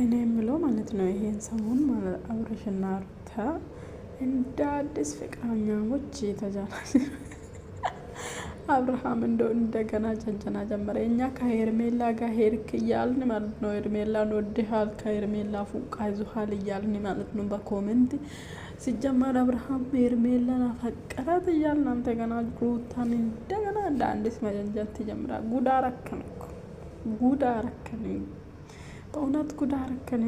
እኔ የምለው ማለት ነው ይሄን ሰሞን አብርሽና ሩታ እንደ አዲስ ፍቅረኛሞች ተጃላች። አብርሃም እንደ እንደገና ጨንጨና ጀመረ። እኛ ከሄርሜላ ጋር ሄድክ እያልን ማለት ነው ሄርሜላን ወድሃል፣ ከሄርሜላ ፉቃ ይዙሃል እያልን ማለት ነው በኮመንት ሲጀመር አብርሃም ሄርሜላን አፈቀራት እያል አንተ ገና ሩታን እንደገና እንደ አዲስ መጀንጀት ትጀምራል። ጉድ አረከን እኮ ጉድ አረከን። በእውነት ጉድ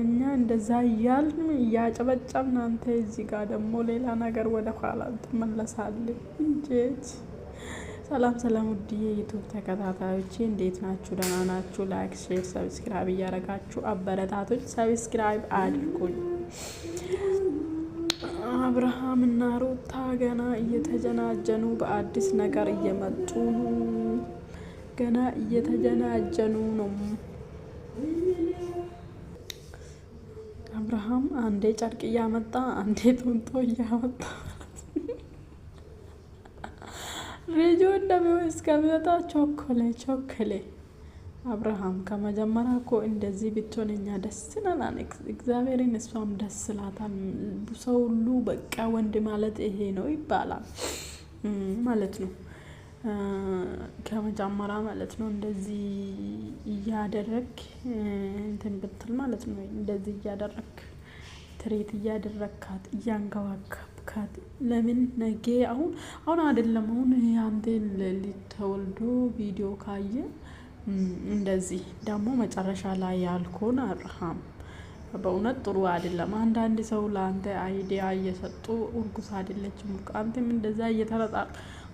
እኛ እንደዛ እያልን እያጨበጨብ ናንተ እዚህ ጋር ደግሞ ሌላ ነገር ወደ ኋላ ትመለሳለ። እንዴት? ሰላም ሰላም፣ ውድዬ ዩቱብ ተከታታዮቼ እንዴት ናችሁ? ደህና ናችሁ? ላይክ፣ ሼር፣ ሰብስክራይብ እያደረጋችሁ አበረታቶች ሰብስክራይብ አድርጉኝ። አብርሃም እና ሩታ ገና እየተጀናጀኑ በአዲስ ነገር እየመጡ ነው። ገና እየተጀናጀኑ ነው። አብርሃም አንዴ ጨርቅ እያመጣ አንዴ ጡንጦ እያመጣ ልጁ እንደሚሆን እስከሚወጣ ቾኮሌ ቾኮሌ አብርሃም ከመጀመሪያ እኮ እንደዚህ ብትሆን እኛ ደስ ነናን። እግዚአብሔርን እሷም ደስ ስላታል። ሰው ሁሉ በቃ ወንድ ማለት ይሄ ነው ይባላል ማለት ነው ከመጀመሪያ ማለት ነው እንደዚህ እያደረግ እንትን ብትል ማለት ነው። እንደዚህ እያደረግ ትሬት እያደረግካት እያንከባከብካት ለምን ነገ አሁን አሁን አይደለም አሁን አንዴ ሊተወልዶ ቪዲዮ ካየ እንደዚህ ደግሞ መጨረሻ ላይ ያልኮን አርሃም በእውነት ጥሩ አይደለም። አንዳንድ ሰው ለአንተ አይዲያ እየሰጡ እርጉዝ አይደለችም አንተም እንደዛ እየተረጣ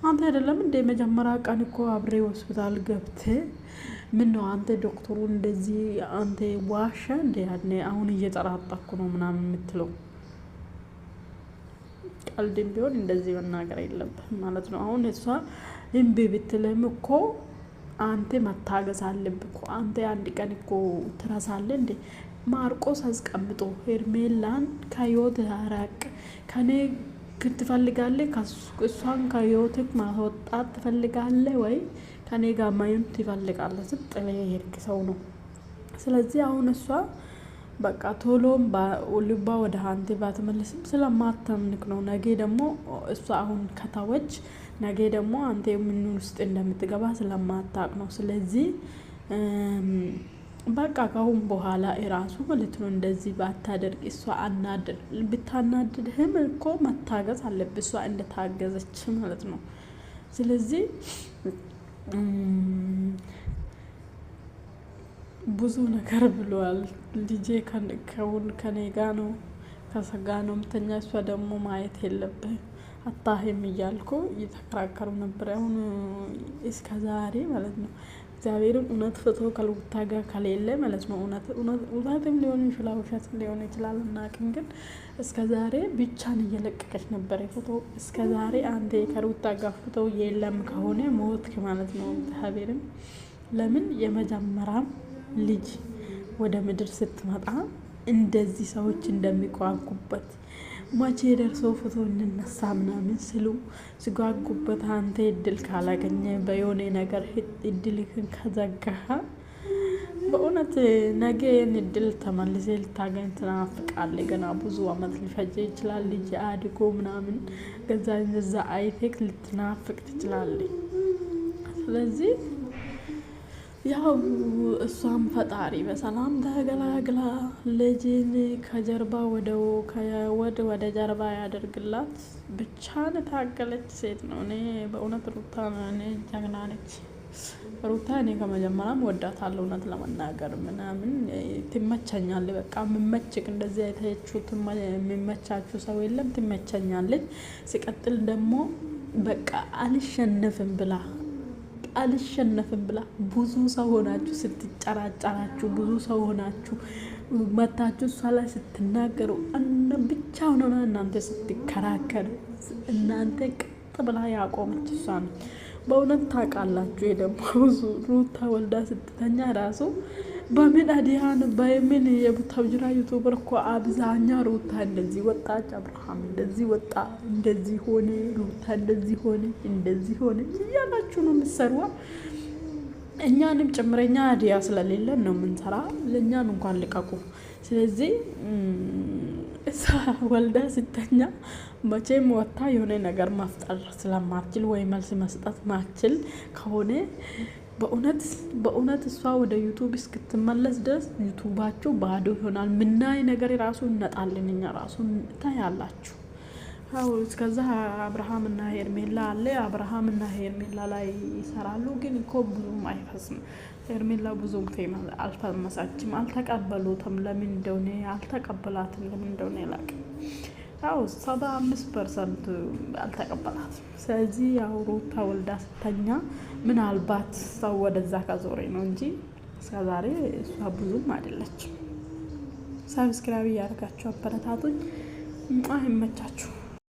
አንተ አይደለም እንደ መጀመሪያ ቀን እኮ አብሬ ሆስፒታል ገብት ምን ነው አንተ ዶክተሩ እንደዚህ አንተ ዋሸ እንደ ያኔ አሁን እየጠራጠኩ ነው ምናምን የምትለው ቀልድም ቢሆን እንደዚህ መናገር የለብህም ማለት ነው። አሁን እሷ እምቢ ብትልም እኮ አንተ መታገስ አለብህ እኮ አንተ አንድ ቀን እኮ ትረሳለህ እንዴ? ማርቆስ አስቀምጦ ሄርሜላን ከህይወት አራቅ ከኔ ግን ትፈልጋለህ? እሷን ከህይወትህ ማስወጣት ትፈልጋለህ ወይ ከኔ ጋር ማየም ትፈልጋለህ ስትለኝ የሄድክ ሰው ነው። ስለዚህ አሁን እሷ በቃ ቶሎም ልባ ወደ አንተ ባትመልስም ስለማታምንክ ነው። ነገ ደግሞ እሷ አሁን ከተወች ነገ ደግሞ አንተ ምን ውስጥ እንደምትገባ ስለማታቅ ነው። ስለዚህ በቃ ካሁን በኋላ እራሱ ማለት ነው እንደዚህ ባታደርግ እሷ አናድር ብታናድድህም እኮ መታገዝ አለብህ እሷ እንደታገዘች ማለት ነው። ስለዚህ ብዙ ነገር ብለዋል። ልጄ ከውን ከኔ ጋ ነው ከሰጋ ነው ምተኛ እሷ ደግሞ ማየት የለብህ አታህም እያልኩ እየተከራከሩ ነበር። አሁን እስከ ዛሬ ማለት ነው እግዚአብሔርን እውነት ፍቶ ከልውታ ጋር ከሌለ ማለት ነው። እውነትም ሊሆን ይችላል፣ ውሸትም ሊሆን ይችላል። እናቅን። ግን እስከ ዛሬ ብቻን እየለቀቀች ነበር ፎቶ። እስከ ዛሬ አንዴ ከልውታ ጋር ፎቶ የለም ከሆነ ሞትክ ማለት ነው። እግዚአብሔርም ለምን የመጀመሪያም ልጅ ወደ ምድር ስትመጣ እንደዚህ ሰዎች እንደሚቋቁበት መቼ ደርሰው ፎቶ እንነሳ ምናምን ስሉ ሲጓጉበት፣ አንተ እድል ካላገኘ በየሆነ ነገር እድልህን ከዘጋ በእውነት ነገ እድል ተመልሴ ልታገኝ ትናፍቃለ። ገና ብዙ አመት ሊፈጀ ይችላል ልጅ አድጎ ምናምን ገዛ ዛ አይቴክ ልትናፍቅ ትችላለ። ስለዚህ ያው እሷም ፈጣሪ በሰላም ተገላግላ ልጅን ከጀርባ ወደ ወድ ወደ ጀርባ ያደርግላት። ብቻን ታገለች ሴት ነው። እኔ በእውነት ሩታ እኔ ጀግና ነች። ሩታ እኔ ከመጀመሪያም ወዳታለሁ። እውነት ለመናገር ምናምን ትመቸኛል። በቃ የምመችቅ እንደዚህ አይታችሁ የሚመቻችሁ ሰው የለም። ትመቸኛለች። ሲቀጥል ደግሞ በቃ አልሸነፍም ብላ አልሸነፍም ብላ ብዙ ሰው ሆናችሁ ስትጨራጨራችሁ፣ ብዙ ሰው ሆናችሁ መታችሁ እሷ ላይ ስትናገሩ፣ ብቻ ሆነና እናንተ ስትከራከር እናንተ ቀጥ ብላ ያቆመች እሷ ነው። በእውነት ታውቃላችሁ። ደግሞ ሩታ ወልዳ ስትተኛ ራሱ በምን አዲያን በምን የቡታጅራ ዩቱበር እኮ አብዛኛ ሩታ እንደዚህ ወጣች፣ አብርሃም እንደዚህ ወጣ፣ እንደዚህ ሆነ፣ ሩታ እንደዚህ ሆነ፣ እንደዚህ ሆነ እያላችሁ ነው የምትሰሩ። እኛንም ጭምረኛ አዲያ ስለሌለን ነው የምንሰራ። ለእኛን እንኳን ልቀቁ። ስለዚህ እሳ ወልዳ ስተኛ መቼም ወታ የሆነ ነገር መፍጠር ስለማችል ወይ መልስ መስጠት ማችል ከሆነ በእውነት በእውነት እሷ ወደ ዩቱብ እስክትመለስ ድረስ ዩቱባቸው ባዶ ይሆናል። ምናይ ነገር ራሱ እነጣልን እኛ ራሱ ታያላችሁ። እስከዛ አብርሃም እና ሄርሜላ አለ። አብርሃም እና ሄርሜላ ላይ ይሰራሉ፣ ግን እኮ ብዙም አይፈስም። ሄርሜላ ብዙ ጊዜ አልፈመሳችም፣ አልተቀበሉትም። ለምን እንደሆነ አልተቀበላትም፣ ለምን እንደሆነ ላቅ ያው ሰባ አምስት ፐርሰንት አልተቀበላትም። ስለዚህ ያው ሩታ ወልዳ ስተኛ ምናልባት ሰው ወደዛ ከዞሬ ነው እንጂ እስከዛሬ እሷ ብዙም አይደለችም። ሰብስክራይብ እያደረጋችሁ አበረታቱኝ። አይመቻችሁ።